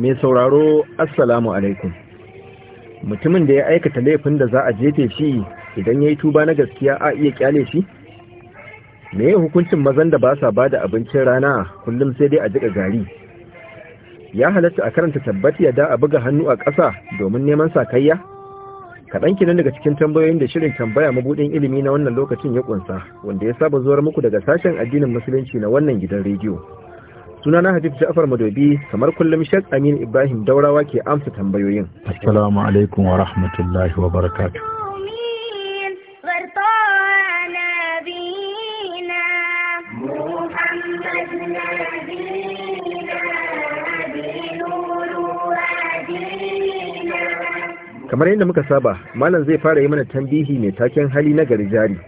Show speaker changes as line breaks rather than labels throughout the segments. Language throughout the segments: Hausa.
mai sauraro assalamu alaikum mutumin da ya aikata laifin da za a jefe shi idan ya yi tuba na gaskiya a iya kyale shi me ya hukuncin mazan da ba sa ba da abincin rana kullum sai dai a jika gari ya halatta a karanta tabbati ya da a buga hannu a ƙasa domin neman sakayya kaɗan kinan daga cikin tambayoyin da shirin tambaya mabuɗin ilimi na wannan lokacin ya ƙunsa wanda ya saba zuwar muku daga sashen addinin musulunci na wannan gidan rediyo sunana hadif ja'far madobi kamar kullum shek amin ibrahim daurawa ke amsa tambayoyin
assalamu alaikum wa rahmatullahi wa barakatuh
kamar
yadda muka saba malam zai fara yi mana tambihi mai taken hali na gari jari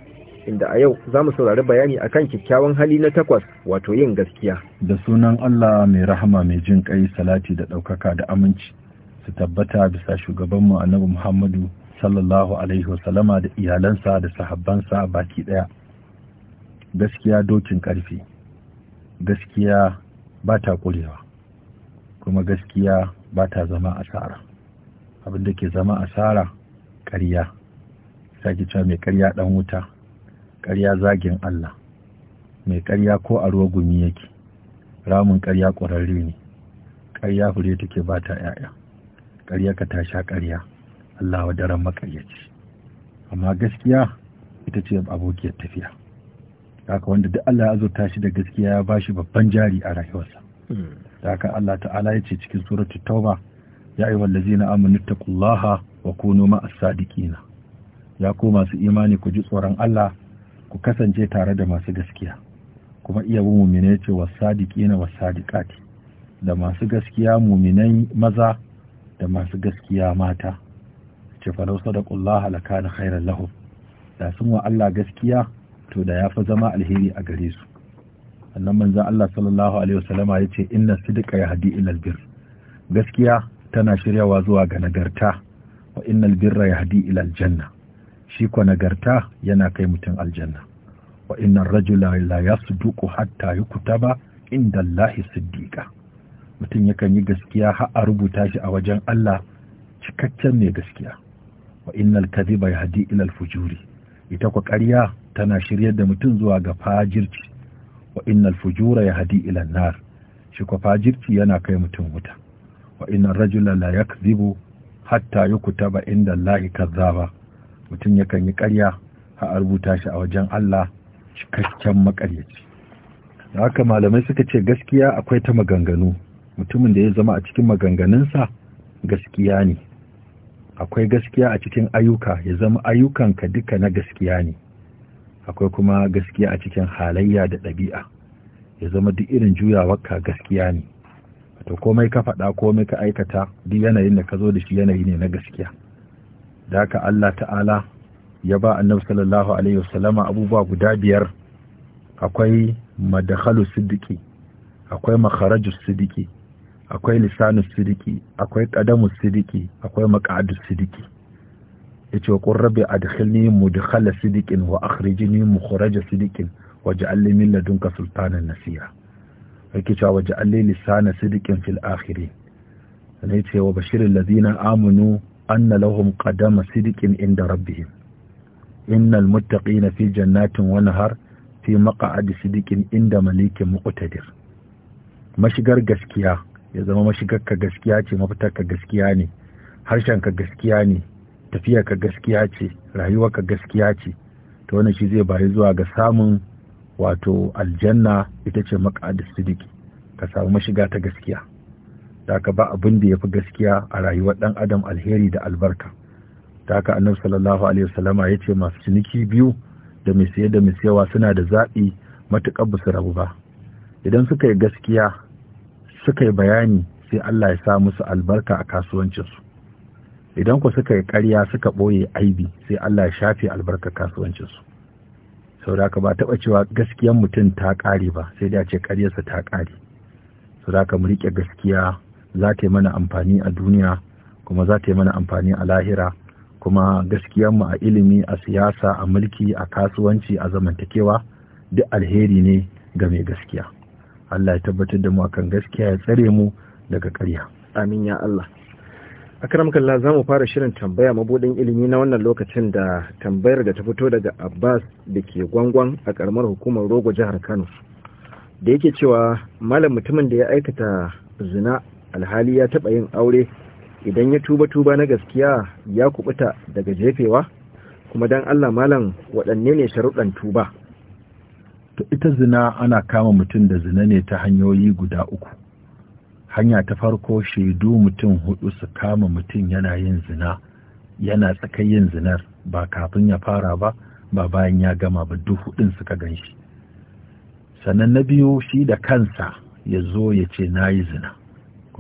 inda a yau za mu saurari bayani a kan kyakkyawan hali na takwas wato yin gaskiya.
Da sunan Allah mai rahama mai jin kai salati da ɗaukaka da aminci su tabbata bisa shugabanmu annabi Muhammadu sallallahu alaihi wasallama da iyalansa da sahabbansa baki ɗaya. Gaskiya dokin ƙarfi, gaskiya ba ta ƙurewa, kuma gaskiya ba ta zama asara. Abin da ke zama asara ƙarya. sake cewa mai ƙarya ɗan wuta ƙarya zagin Allah mai ƙarya ko a ruwa gumi yake ramin ƙarya ƙwararre ne ƙarya fure take ba ta ‘ya'ya ƙarya ka tasha ƙarya Allah wa daren makaryaci amma gaskiya ita ce abokiyar tafiya haka wanda duk Allah ya azurta shi da gaskiya ya ba shi babban jari a rayuwarsa haka Allah ta'ala ya ce cikin suratu tauba ya yi allazina amanu taqullaha wa kunu ma'a sadiqina ya ku masu imani ku ji tsoron Allah ku kasance tare da masu gaskiya kuma iya bin muminai ce wa sadiqina wa sadiqati da masu gaskiya muminai maza da masu gaskiya mata ce fa lausa da kullaha la kana khairan da sun wa Allah gaskiya to da ya fi zama alheri a gare su annan manzon Allah sallallahu alaihi wasallama yace inna sidqa yahdi ila albir gaskiya tana shiryawa zuwa ga nagarta wa innal birra yahdi ila aljanna shi ko nagarta yana kai mutum aljanna wa inna rajula la yasduqu hatta yukutaba inda Allah siddiqa mutum yakan yi gaskiya har a rubuta shi a wajen Allah cikakken ne gaskiya wa innal kadhiba yahdi ila al-fujuri ita ko ƙarya tana shiryar da mutum zuwa ga fajirci wa innal fujura yahdi ila an-nar shi ko fajirci yana kai mutum wuta wa innar rajula la yakdhibu hatta yukutaba inda Allah kadhaba mutum yakan yi ƙarya a rubuta shi a wajen Allah cikakken makaryaci da haka malamai suka ce gaskiya akwai ta maganganu mutumin da ya zama a cikin maganganunsa gaskiya ne akwai gaskiya a cikin ayyuka ya zama ka duka na gaskiya ne akwai kuma gaskiya a cikin halayya da ɗabi'a ya zama duk irin juyawarka gaskiya ne to komai ka faɗa komai ka aikata duk yanayin da ka zo da shi yanayi ne na gaskiya da haka Allah ta'ala ya ba annabi sallallahu alaihi wasallama abubuwa guda biyar akwai madakhalu sidiki akwai makharaju sidiki akwai lisanu sidiki akwai qadamu sidiki akwai maqadu sidiki yace qur rabbi adkhilni dakala sidikin wa akhrijni mukhraja sidikin waj'al li min ladunka sultanan nasira yake cewa waj'al li lisana sidikin fil akhirin ne ce wa bashirin ladina amanu anna lahum qadama sidiqin inda rabbihim innal muttaqina fi jannatin wa nahar fi maq'adi sidiqin inda malikin muqtadir mashigar gaskiya ya zama mashigar ka gaskiya ce mafitar ka gaskiya ne harshen ka gaskiya ne tafiya ka gaskiya ce rayuwar ka gaskiya ce ta wannan shi zai bayi zuwa ga samun wato aljanna ita ce maq'adi sidiqi ka samu mashiga ta gaskiya ka ba abin da ya fi gaskiya a rayuwar ɗan adam alheri da albarka ka annabi sallallahu alaihi wasallama ya ce masu ciniki biyu da mai siye da mai siyawa suna da zaɓi matuƙar ba su rabu ba idan suka yi gaskiya suka yi bayani sai Allah ya sa musu albarka a kasuwancinsu idan ku suka yi ƙarya suka ɓoye aibi sai Allah ya shafe albarka kasuwancinsu sau da ba taɓa cewa gaskiyan mutum ta ƙare ba sai da ce ƙaryarsa ta ƙare sau da mu riƙe gaskiya za ta yi mana amfani a duniya kuma za ta yi mana amfani a lahira kuma gaskiyanmu a ilimi a siyasa a mulki a kasuwanci a zamantakewa duk alheri ne ga mai gaskiya Allah ya tabbatar da mu akan gaskiya ya tsare mu daga karya. amin ya
Allah akram kallah za mu fara shirin tambaya mabudin ilimi na wannan lokacin da tambayar da ta fito daga abbas da ke gwangwan a karamar hukumar rogo jihar kano da yake cewa malam mutumin da ya aikata zina alhali ya taɓa yin aure idan ya tuba tuba na gaskiya ya kubuta daga jefewa kuma dan Allah malam waɗanne ne sharuɗan tuba
to ita zina ana kama mutum da zina ne ta hanyoyi guda uku hanya ta farko shaidu mutum hudu su kama mutum yana yin zina yana tsakai yin zinar ba kafin ya fara ba ba bayan ya gama ba duk hudun suka gan shi sannan na biyu shi da kansa ya zo ya ce na yi zina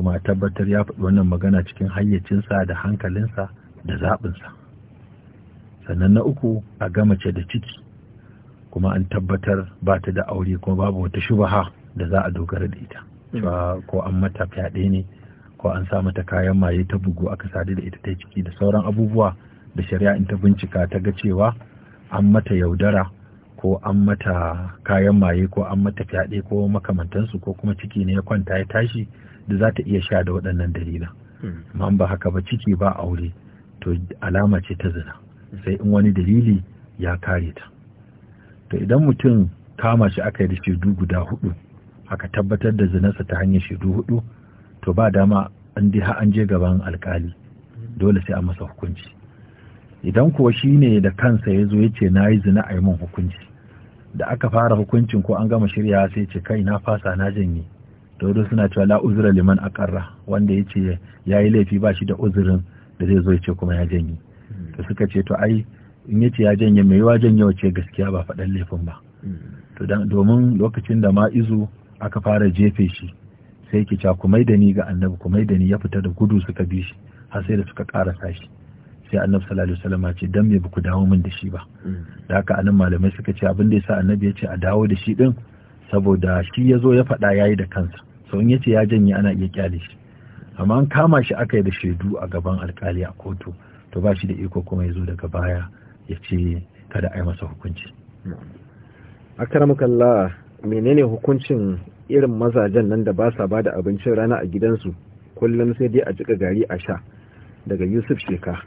kuma tabbatar ya faɗi wannan magana cikin hayyacinsa da hankalinsa da zaɓinsa sannan na uku a gamace da ciki kuma an tabbatar ba ta da aure kuma babu wata shubaha da za a dogara da ita cewa ko an mata fyaɗe ne ko an sa mata kayan maye ta bugu aka sadu da ita ta ciki da sauran abubuwa da shari'a in ta bincika ta ga cewa an mata yaudara ko an mata kayan maye ko an mata fyaɗe ko makamantansu ko kuma ciki ne ya kwanta ya tashi da za ta iya sha da waɗannan dalilan hmm. amma ba haka ba ciki ba aure to alama ce ta zina sai in wani dalili ya kare ta to idan mutum kama shi aka yi da shaidu guda hudu aka tabbatar da zinarsa ta hanyar shaidu hudu to ba dama an an je gaban alkali dole sai a masa hukunci idan kuwa shi ne da kansa ya zo ya ce na yi zina a yi mun hukunci da aka fara hukuncin ko an gama shirya sai ce kai na fasa na janye to suna cewa la uzra liman aqarra wanda yace yayi laifi ba shi da uzurin da zai zo ya ce kuma ya janye hmm. to suka ce to ai in yace ya janye mai yawa janye wace gaskiya ba faɗan laifin ba hmm. to domin lokacin da ma izu aka fara jefe shi sai ki ca kuma da ni ga annabi kuma da ni ya fita da gudu suka bi shi har sai da suka karasa shi sai annabi sallallahu alaihi wasallam ce dan me ba ku dawo min da shi ba hmm. da haka anan malamai suka ce abin da yasa annabi ya ce a dawo da shi din saboda shi ya zo ya faɗa yayi da kansa sau ya ce ya janye ana iya kyale shi amma an kama shi aka yi da shaidu a gaban alkali a kotu to ba shi da iko kuma ya zo daga baya ya ce kada a yi masa hukunci
Kalla, menene hukuncin irin mazajen nan da ba sa ba da abincin rana a gidansu kullum sai dai a jika gari a sha daga yusuf
sheka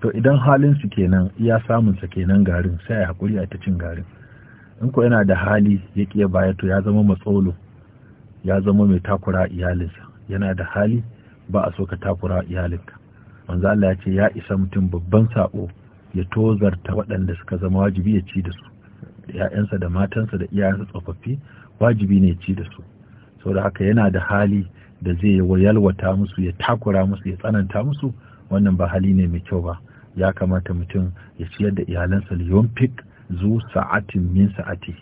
to idan halinsu kenan ya samunsa kenan garin sai a hakuri a ta cin garin in ko yana da hali ya kiya baya to ya zama matsolo ya zama mai takura iyalinsa yana da hali ba a so ka takura iyalinka manzo Allah ya ce ya isa mutum babban saƙo ya tozarta waɗanda suka zama wajibi ya ci da su da 'ya'yansa da matansa da iyayensa tsofaffi wajibi ne ya ci da su saboda haka yana da hali da zai yalwata musu ya takura musu ya tsananta musu wannan ba hali ne mai kyau ba ya kamata mutum ya ciyar da iyalansa liyonfik zu sa'atin min sa'ati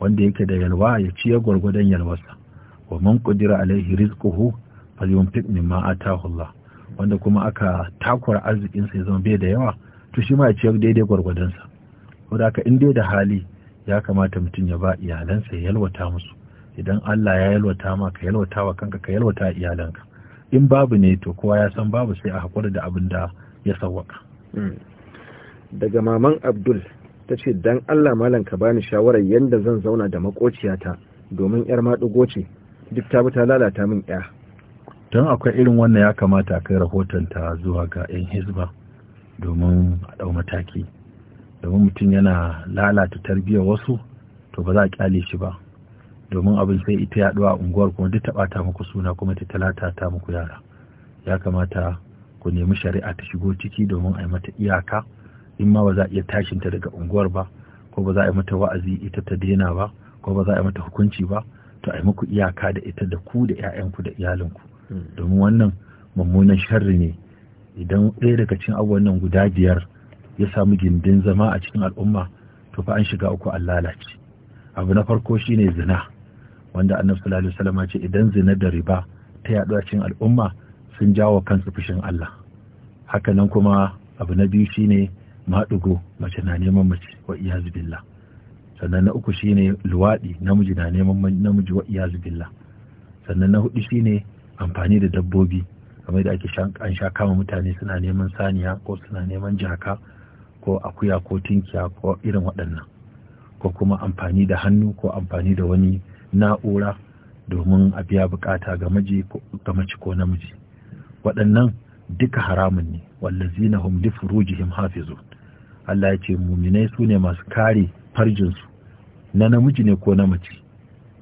wanda yake da yalwa ya ciyar gwargwadon yalwarsa wa man qadira alaihi rizquhu falyunfiq mimma ataahu Allah wanda kuma aka takura arzikin sa ya zama bai da yawa to shi ma ya ciyar daidai gwargwadon sa saboda ka in da hali ya kamata mutum ya ba iyalansa ya yalwata musu idan Allah ya yalwata ma ka yalwata wa kanka ka yalwata iyalanka in babu ne to kowa ya san babu sai a hakura da abin da ya sawwaka hmm.
daga maman Abdul ta ce dan Allah malam ka bani shawarar yadda zan zauna da makociyata domin yar maɗigo ce duk ta ta lalata min ya
don akwai irin wannan ya kamata kai rahoton ta zuwa ga 'yan hizba domin a ɗau mataki domin mutum yana lalata tarbiyyar wasu to ba za a kyale shi ba domin abin sai ita yaɗuwa a unguwar kuma duk ta muku suna kuma ta talata ta muku yara ya kamata ku nemi shari'a ta shigo ciki domin a yi mata iyaka in ma ba za a iya tashinta daga unguwar ba ko ba za a yi mata wa'azi ita ta daina ba ko ba za a yi mata hukunci ba to a muku iyaka da ita da ku da 'ya'yanku da iyalinku hmm. domin wannan mummunan sharri ne idan ɗaya daga cikin abubuwan nan guda biyar ya samu gindin zama a cikin al'umma to fa an shiga uku an lalace abu na farko shine zina wanda annabi sallallahu alaihi wasallam ce idan zina da riba ta yaɗu a cikin al'umma sun jawo kansu fushin Allah haka nan kuma abu na biyu shine maɗugo mace na neman mace wa iyazu billah sannan na uku shine luwaɗi namiji na neman namiji wa iyazu billah sannan na hudu shine amfani da dabbobi kamar da ake an sha kama mutane suna neman saniya ko suna neman jaka ko akuya ko tinkiya ko irin waɗannan ko kuma amfani da hannu ko amfani da wani na'ura domin a biya bukata ga maji mace ko namiji waɗannan duka haramun ne wallazina hum li furujihim hafizun Allah ya ce muminai su ne masu kare farjinsu na namiji ne ko na mace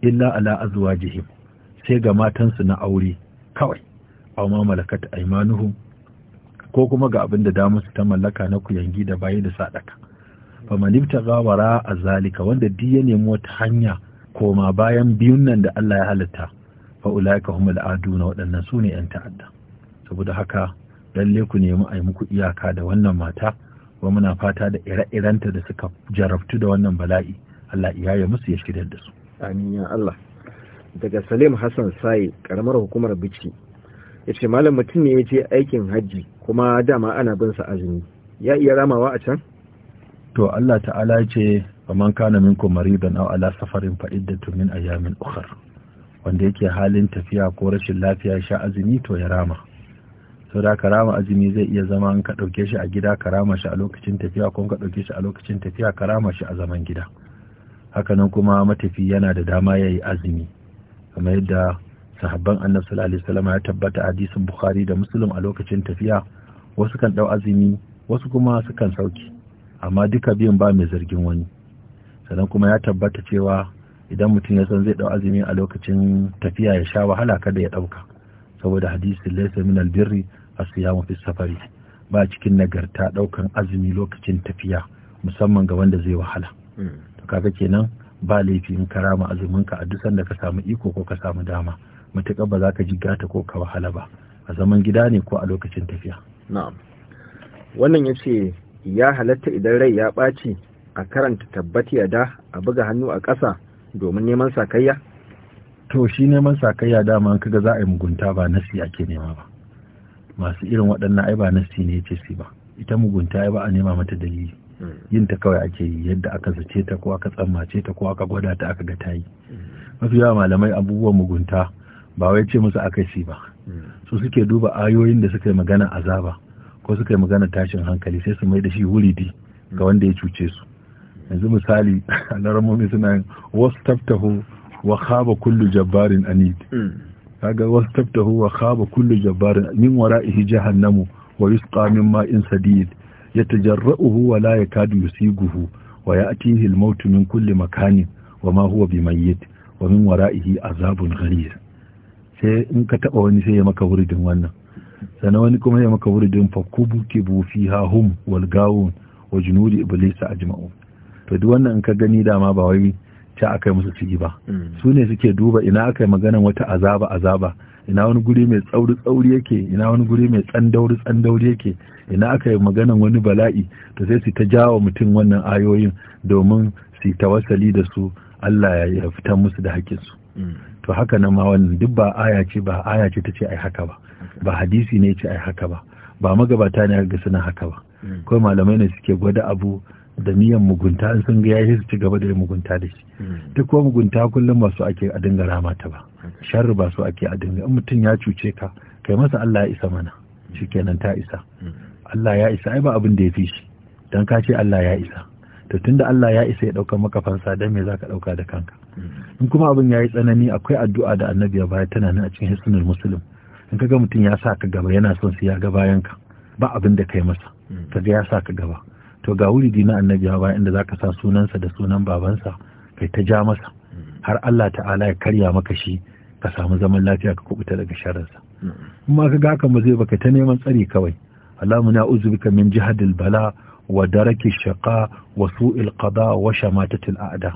illa ala azwajihim sai ga matansu na aure kawai aw ma malakat aymanuhum ko kuma ga abin da damar su ta mallaka na kuyangi da bayi da sadaka fa man gawara a zalika, wanda duk ya nemi wata hanya koma bayan biyun nan da Allah ya halitta fa ulaika humul aduna waɗannan sune yan ta'adda saboda haka lalle ku nemi yi muku iyaka da wannan mata Wa muna fata da ire-irenta da suka jarabtu da wannan bala'i Allah ya musu ya shirya da su
amin ya Allah daga Salim Hassan Sai karamar hukumar Bichi ce malam mutum ne ya ce aikin hajji, kuma dama ana bin sa azumi ya iya ramawa a can
to Allah ta'ala ce man kana minkum maridan aw ala safarin fa iddatu min ayamin ukhra wanda yake halin tafiya ko rashin lafiya sha azumi to ya rama sau da karama azumi zai iya zama in ka ɗauke shi a gida karama shi a lokacin tafiya ko ka ɗauke shi a lokacin tafiya karama shi a zaman gida hakanan kuma matafi yana da dama ya yi azumi kamar yadda sahabban annabi sallallahu alaihi ya tabbata hadisin bukhari da muslim a lokacin tafiya wasu kan ɗau azumi wasu kuma su kan sauki amma duka biyun ba mai zargin wani sannan kuma ya tabbata cewa idan mutum ya san zai ɗau azumi a lokacin tafiya ya sha wahala kada ya ɗauka saboda hadisin laysa min albirri asiyamu fi safari ba cikin nagarta daukan azumi lokacin tafiya musamman ga wanda zai wahala hmm. to kaga kenan ba laifi in karama azumin ka a duk sanda ka samu iko ko ka samu dama mutaka ba za ka ji gata ko ka wahala ba a zaman gida ne ko a lokacin tafiya na'am
wannan yace ya halatta idan rai ya ɓaci a karanta tabbati da a buga hannu a ƙasa domin neman sakayya
to shi neman sakayya dama kaga za a yi mugunta ba nasi ake nema ba masu irin waɗannan ai ba nasti ne ce su ba ita mugunta ai ba a nema mata dalili hmm. yin ta kawai ake yi yadda aka zace ta ko aka tsammace ta ko aka gwada ta aka ga ta yi hmm. mafi yawa malamai abubuwan mugunta ba wai ce musu aka shi ba hmm. su suke duba ayoyin da suka yi magana azaba ko suka yi magana tashin hankali sai su mai da shi wuridi ga wanda ya cuce su yanzu misali a laramomi suna yin wasu taftahu wa kaba kullu jabbarin anid kaga wastaftahu wa khaba kullu jabbarin min wara'ihi jahannamu wa yusqa min ma'in sadid yatajarra'uhu wa la yakadu yusiguhu wa ya'tihi al-maut min kulli makanin wa ma huwa bimayyit wa min wara'ihi azabun ghalir sai in ka taba wani sai ya maka wuridin wannan sannan wani kuma ya maka wuridin fakubu kibu fiha hum wal gawun wa junudi iblis ajma'un to duk wannan in ka gani dama ba wai ta aka yi musu ciki ba mm. su ne suke duba ina aka yi maganan wata azaba azaba ina wani guri mai tsauri tsauri yake ina wani guri mai tsandauri tsandauri yake ina aka yi maganan wani bala'i to sai su ta jawo mutum wannan ayoyin domin su wasali da su Allah ya fitar musu da su mm. to haka nan ma wannan duk ba aya ce ba aya ce ta ce ai haka ba ba hadisi ne ce ai haka ba ba magabata ne ga suna haka ba mm. kawai malamai ne suke gwada abu da niyan mugunta in sun ga ya su ci gaba da mugunta da shi hmm. duk kuma mugunta kullum ba su ake a dinga rama ta ba sharri ba su ake a dinga in mutum ya cuce ka kai masa Allah ya isa mana hmm. shikenan ta isa hmm. Allah ya isa ai ba abin da ya fi shi dan ka ce Allah ya isa to tunda Allah ya isa ya dauka maka fansa dan me zaka dauka da kanka in kuma abin yayi tsanani akwai addu'a da annabi ya bayar tana nan a cikin hisnul muslim in kaga mutum ya sa ka gaba yana son su ya ga bayan ka ba abin da kai masa kaga ya sa ka gaba to ga wuri na annabi ba inda zaka sa sunansa da sunan babansa kai ta ja masa har Allah ta'ala ya karya maka shi ka samu zaman lafiya ka kubuta daga sharrinsa kuma ka ga haka ba zai baka ta neman tsari kawai Allahumma na'udzu bika min jihadil bala wa daraki shaqa wa su'il qada wa shamatatil a'da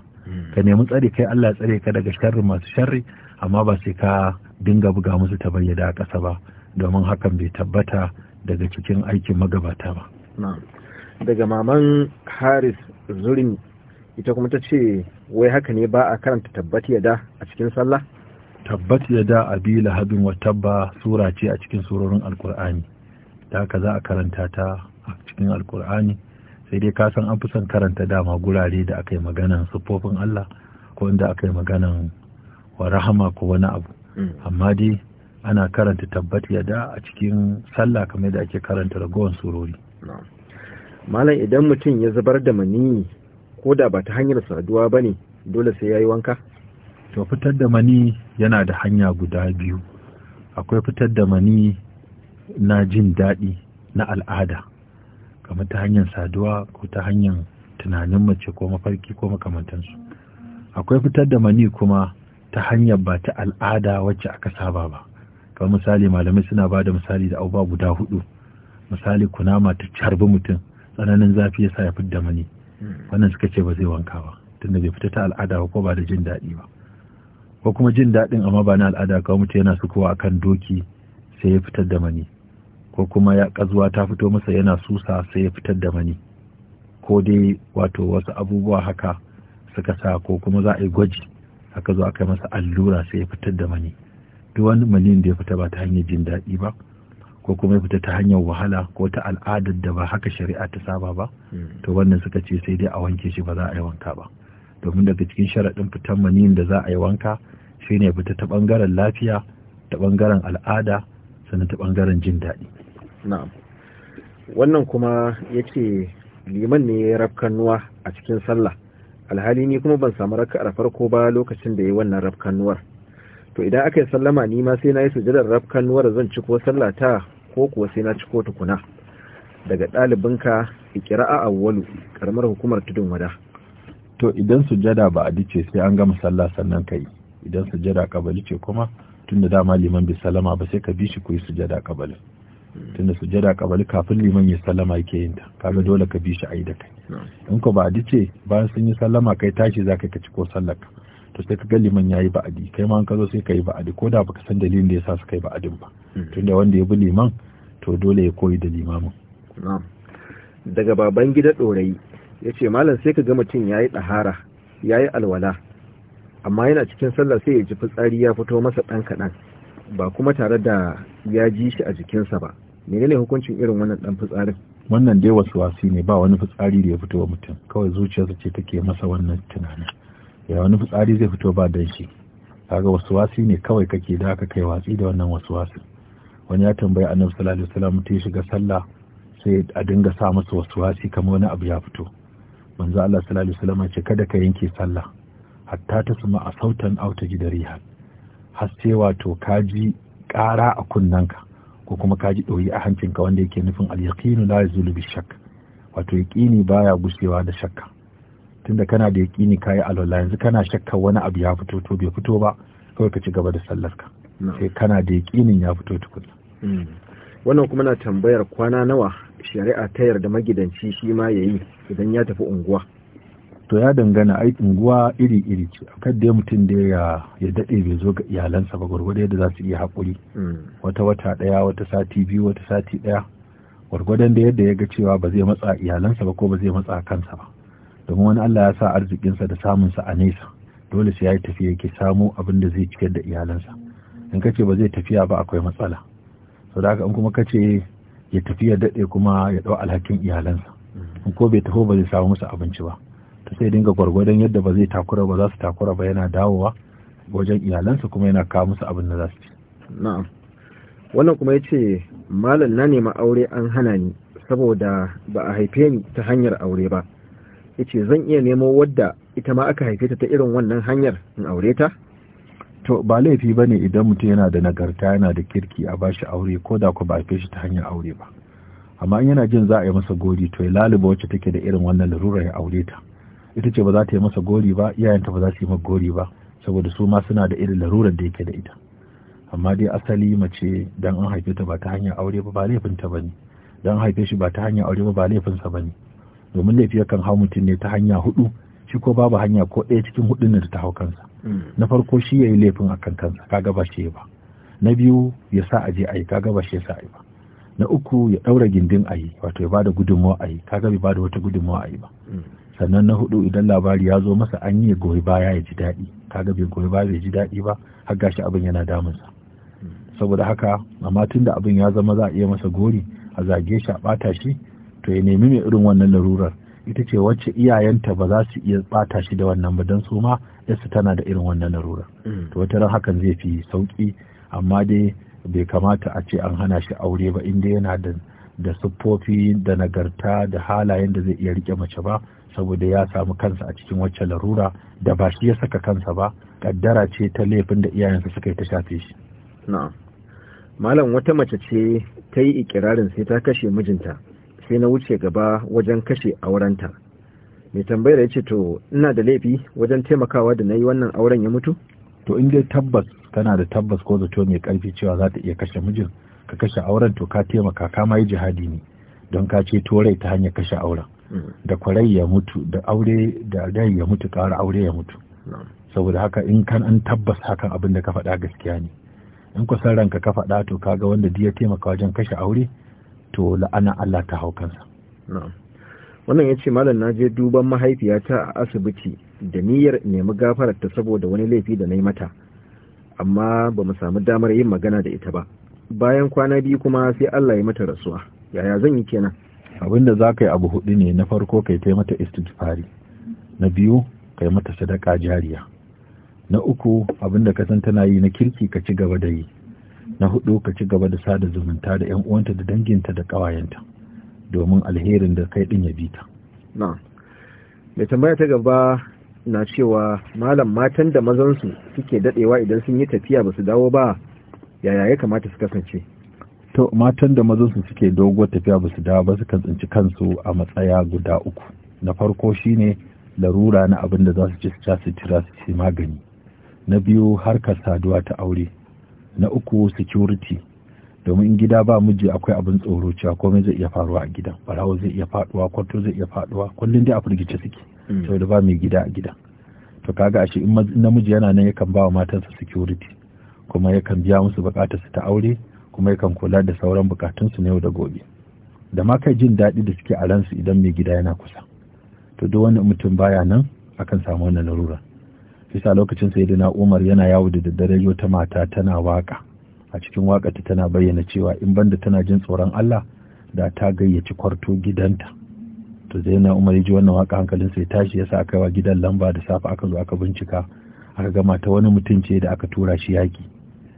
ka nemi tsari kai Allah ya tsare ka daga sharri masu sharri amma ba sai ka dinga buga musu ta bayyada a ƙasa ba domin hakan bai tabbata daga cikin aikin magabata ba
daga maman haris zurin ita kuma ta ce wai haka ne ba a karanta tabbat yada a cikin sallah
tabbat yada biyu lahabin wa tabba sura ce a cikin surorin alkur'ani da haka za a karanta ta a cikin alkur'ani sai dai kasan an fi son karanta dama gurare da aka yi maganan sufofin Allah ko inda aka yi maganan wa rahama ko wani abu mm. amma dai ana karanta tabbat yada a cikin sallah kamar da ake karanta ragowar surori
malam idan mutum ya zubar da maniyi ko da ba ta hanyar saduwa ba ne dole sai ya yi wanka
to fitar da mani yana da hanya guda biyu akwai fitar da mani na jin daɗi na al'ada kamar ta hanyar saduwa ko ta hanyar tunanin mace ko mafarki ko makamantansu akwai fitar da mani kuma ta hanyar ba ta al'ada wacce aka saba ba kamar misali malamai suna ba da misali da abubuwa guda hudu misali kunama ta carbi mutum tsananin zafi ya sa ya fidda mani hmm. wannan suka ce ba zai wanka ba tunda bai fita ta al'ada ba ko ba da jin daɗi ba ko kuma jin daɗin amma ba na al'ada kawo mutum yana sukuwa akan doki sai ya fitar da mani ko kuma ya ƙazuwa ta fito masa yana susa sai ya fitar da mani ko dai wato wasu abubuwa haka suka sa ko kuma za a yi gwaji aka zo aka yi masa allura sai ya fitar da mani duk wani manin da ya fita ba ta hanyar jin daɗi ba ko kuma ya fita ta hanyar wahala ko ta al'adar da ba haka shari'a ta saba ba hmm. to wannan suka ce sai dai a wanke shi ba za a yi wanka ba domin daga cikin sharaɗin fitan maniyin da za a yi wanka shine fita ta ɓangaren lafiya ta ɓangaren al'ada sannan ta ɓangaren jin daɗi na'am
wannan kuma yake liman ne ya rafkanuwa a cikin sallah alhali ni kuma ban samu a farko ba lokacin da ya yi wannan rafkanuwar to idan aka yi sallama ni ma sai na yi sujadar rafkanuwar zan ciko ko sallah ta ko kuwa sai na ci ko tukuna daga ɗalibinka ikira'a awwalu karamar hukumar tudun wada
to idan sujada ba a dice sai an gama sallah sannan kai idan sujada kabali ce kuma tunda dama liman bai salama ba sai ka bi shi ku yi sujada kabali tunda sujada kabali kafin liman ya salama yake yin ta kaga dole ka bi shi ayi da kai in ko ba a dice bayan sun yi salama kai tashi zaka ka ci ko sallar ka to sai ka ga liman yayi ba'adi kai ma an ka zo sai ka yi ba'adi ko da baka san dalilin da yasa suka yi ba'adin ba hmm. tunda wanda ya bi liman to dole ya koyi da limamin
daga baban gida ɗorayi ya ce malam sai ka ga mutum ya yi ɗahara ya yi alwala amma yana cikin sallah sai ya ji fitsari ya fito masa ɗan kaɗan ba kuma tare da ya ji shi a jikinsa ba menene hukuncin irin wannan ɗan fitsarin
wannan dai wasu wasi ne ba wani fitsari da ya fito wa mutum kawai zuciyarsa ce take masa wannan tunanin ya wani fitsari zai fito ba dan shi kaga wasu wasi ne kawai kake da aka kai watsi da wannan wasu wasi wani ya tambaya annabi sallallahu alaihi wasallam ta shiga sallah sai a dinga sa masa wasu wasi kamar wani abu ya fito manzo Allah sallallahu alaihi wasallam ce kada ka yanke sallah hatta ta suma a sautan auta gidariha har sai wato kaji ƙara a kunnanka ko kuma kaji ɗoyi a hancinka wanda yake nufin al-yaqinu la yazulu bi shakk wato yaqini baya gushewa da shakka tunda kana da yaqini kai alwala yanzu kana shakkar wani abu ya fito to bai fito ba kawai ka ci gaba da sallarka sai kana da yaƙinin ya fito tukuna
hmm. wannan kuma na tambayar kwana nawa shari'a ta yarda magidanci shi ma ya yi idan ya tafi unguwa
to ya dangana ai unguwa iri-iri ce akan dai mutum da ya daɗe bai zo ga iyalansa ba gwargwado yadda za su iya haƙuri hmm. wata wata ɗaya wata sati biyu wata sati ɗaya gwargwadon da yadda ya ga cewa ba zai matsa iyalansa ba ko ba zai matsa kansa ba domin wani Allah ya sa arzikinsa da samunsa a nesa dole sai ya yi tafiya yake samo abin da zai cikar da iyalansa in kace ba zai tafiya ba akwai matsala sau da haka in kuma kace ya tafiya daɗe kuma ya ɗau alhakin iyalansa in ko bai taho ba zai samu musu abinci ba ta sai dinga gwargwadon yadda ba zai takura ba za su takura ba yana dawowa wajen iyalansa kuma yana kawo musu abin da za su ci
wannan kuma ya ce malam na nema aure an hana ni saboda ba a haife ni ta hanyar aure ba ya ce zan iya nemo wadda ita ma aka haife ta ta irin wannan hanyar
in aure ta to ba laifi ba ne idan mutum yana da nagarta yana da kirki a bashi aure ko da ku ba shi ta hanyar aure ba amma in yana jin za a yi masa gori to ya laliba wacce take da irin wannan larura ya aure ta ita ce ba za ta yi masa gori ba iyayenta ba za su yi masa gori ba saboda su ma suna da irin larurar da yake da ita amma dai asali mace dan an haife ta ba ta hanyar aure ba ba laifin ta bane dan haife shi ba ta hanyar aure ba ba laifin sa bane domin laifi yakan hau mutum ne ta hanya hudu shi ko babu hanya ko ɗaya cikin hudun da ta hau kansa na mm. farko shi ya yi laifin akan kansa kaga ba shi ba na biyu ya sa aje a yi kaga ba shi ya sa a yi ba na uku ya ɗaura gindin a yi wato ya bada gudunmawa a yi kaga bai bada wata gudunmawa a yi ba mm. sannan na hudu idan labari ya zo masa an yi goyi baya ya ji daɗi kaga bai goyi baya bai ji daɗi ba har gashi abin yana damunsa mm. saboda haka amma tun da abin ya zama za a iya masa gori a zage shi a bata shi to ya nemi mai irin wannan larurar ita ce wacce iyayenta ba za su iya ɓata shi da wannan ba don su ma yarsu tana da irin wannan larura mm. to wata ran hakan zai fi sauki amma dai bai kamata a ce an hana shi aure ba inda yana da da siffofi da nagarta da halayen da zai iya rike mace ba saboda ya samu kansa a cikin wacce larura da ba shi ya saka kansa ba kaddara ce ta laifin da iyayensa suka yi ta shafe shi na'am
malam wata mace ce ta yi ikirarin sai ta kashe mijinta sai na wuce gaba wajen kashe aurenta mai tambayar ya ce to ina da
laifi wajen taimakawa
da na yi wannan auren ya mutu
to in dai tabbas kana da tabbas ko zato mai karfi cewa za ta iya kashe mijin ka kashe auren to ka taimaka kama ma yi jihadi ne don ka ce to rai ta hanyar kashe auren mm. da kwarai ya mutu da aure da rai ya mutu ƙara aure ya mutu saboda haka in kan an tabbas hakan abin da ka faɗa gaskiya ne in kusan ranka ka faɗa to kaga wanda ya taimaka wajen kashe aure to la'ana Allah ta hau kansa
wannan ya ce malam na je duban mahaifiyata a asibiti da niyyar nemi ta saboda wani laifi da na yi mata amma ba mu samu damar yin magana da ita ba bayan kwana biyu kuma sai Allah ya mata rasuwa
yaya zan yi kenan abin da za ka yi abu hudu ne na farko kai ta mata istighfari na biyu kai mata sadaka jariya na uku abin da ka san tana yi na kirki ka ci gaba da yi na hudu ka ci gaba da sada zumunta da yan uwanta da danginta da kawayenta domin alherin da kai din ya bi ta na
mai tambaya ta gaba na cewa malam matan da mazansu suke dadewa idan sun yi tafiya ba su dawo ba yaya ya kamata su kasance
to matan da mazansu suke dogo tafiya ba su dawo ba su kan tsinci kansu a matsaya guda uku na farko shine larura na abin da za su ci su tira su ci magani na biyu harkar saduwa ta aure na uku security domin gida ba miji akwai abin tsoro cewa komai zai iya faruwa a gidan barawo zai iya faduwa kwato zai iya faduwa kullum dai a firgice suke hmm. saboda ba mai gida a gidan to kaga ashe in namiji yana nan yakan ba wa matansa security kuma yakan biya musu bukatar su ta aure kuma yakan kula da sauran bukatun su na yau da gobe da ma kai jin daɗi da suke a ransu idan mai gida yana kusa to duk wani mutum baya nan akan samu wannan larura bisa lokacin na Umar yana yawo da daddare ta mata tana waka a cikin waƙarta tana bayyana cewa in banda tana jin tsoron Allah da ta gayyaci kwarto gidanta to zai na umar ji wannan waka hankalin sai tashi yasa aka wa gidan lamba da safe aka zo aka bincika aka gama ta wani mutum ce da aka tura shi yaƙi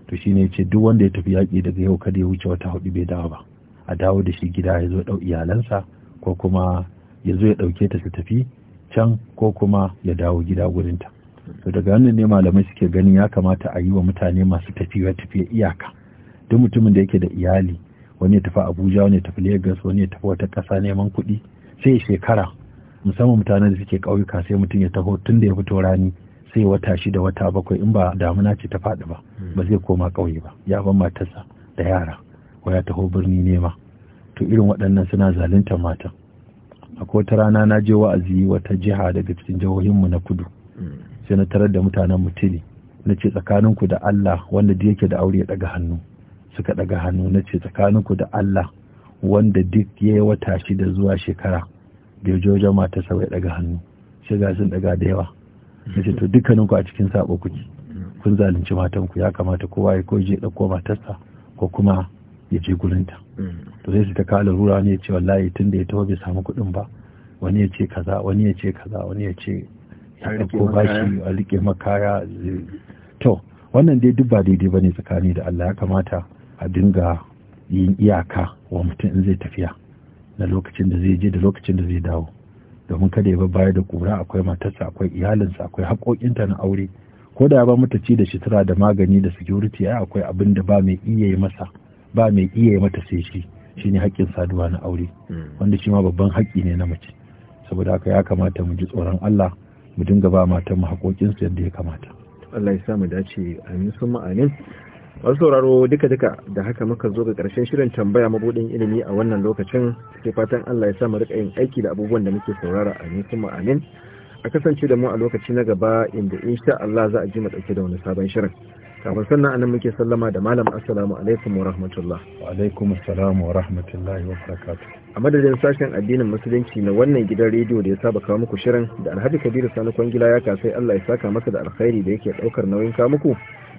to shine ya ce duk wanda ya tafi yaƙi daga yau kada ya wuce wata hudu bai dawo ba a dawo da shi gida ya zo ɗau iyalansa ko kuma ya zo ya ɗauke ta su tafi can ko kuma ya dawo gida gurin ta. to daga wannan ne malamai suke ganin ya kamata a yi wa mutane masu tafiya tafiya iyaka duk mutumin da yake da iyali wani ya tafi abuja wani ya tafi lagos wani ya tafi wata ƙasa neman kuɗi sai shekara musamman mutanen da suke ƙauyuka sai mutum ya taho tun da ya fito rani sai wata shida wata bakwai in ba damuna ce ta fadi ba hmm. ba zai koma ƙauye ba ya ban matarsa da yara ko ya taho birni nema to irin waɗannan suna zaluntar mata a wata rana na je wa'azi wata jiha daga cikin jihohinmu na kudu hmm. sai na tarar da mutanen mutili na ce tsakaninku da Allah wanda da yake da aure ya daga hannu suka daga hannu na ce tsakaninku da Allah wanda duk ya yi wata shida zuwa shekara da ya jojo mata sau ya daga hannu sai ga sun daga da yawa na ce to dukkaninku a cikin sabo kuke kun zalunci matanku ya kamata kowa ya koje ya dauko matarsa ko kuma ya je gurinta to sai su ta kala rura ne ya ce wallahi tun da ya taho bai samu kuɗin ba wani ya ce kaza wani ya ce kaza wani ya ce
ko bashi
a rike makaya eh. to wannan dai duk ba daidai bane tsakani da Allah ya kamata a dinga yin iyaka wa mutum in zai tafiya na lokacin da zai je da lokacin da zai dawo domin kada ya ba baya da kura akwai matarsa akwai iyalinsa akwai haƙoƙinta na aure ko da ya ba mata ci da sutura da magani da security ai akwai abin da ba mai iya yi masa ba mai iya yi mata sai shi shi ne haƙƙin saduwa na aure hmm. wanda shi ma babban haƙƙi ne na mace saboda haka ya kamata mu ji tsoron Allah mu dinga ba matan mu su yadda ya kamata
Allah ya samu dace amin sun ma'anin wasu sauraro duka-duka da haka muka zo ga karshen shirin tambaya mabudin ilimi a wannan lokacin ke fatan Allah ya samu rika yin aiki da abubuwan da muke saurara amin sun amin a kasance da mu a lokaci na gaba inda insha Allah za a ji mu dauke da wani sabon shirin kafin sannan anan muke sallama da
malam assalamu alaikum wa rahmatullah wa alaikum assalam wa rahmatullahi wa barakatuh
a madadin sashen addinin musulunci na wannan gidan rediyo da ya saba kawo muku shirin da alhaji kabiru sani kwangila ya kasai allah ya saka masa da alkhairi da yake daukar nauyin kawo muku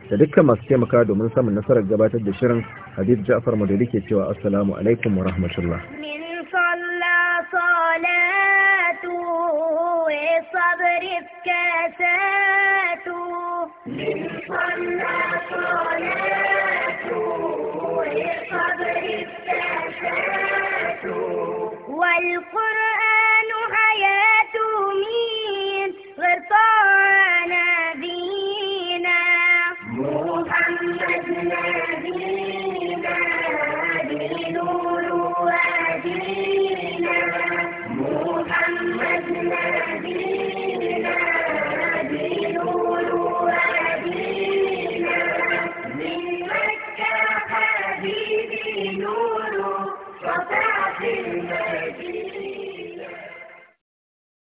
da dukkan masu taimaka domin samun nasarar gabatar da shirin habib ja'far madali ke cewa assalamu alaikum wa rahmatullah
e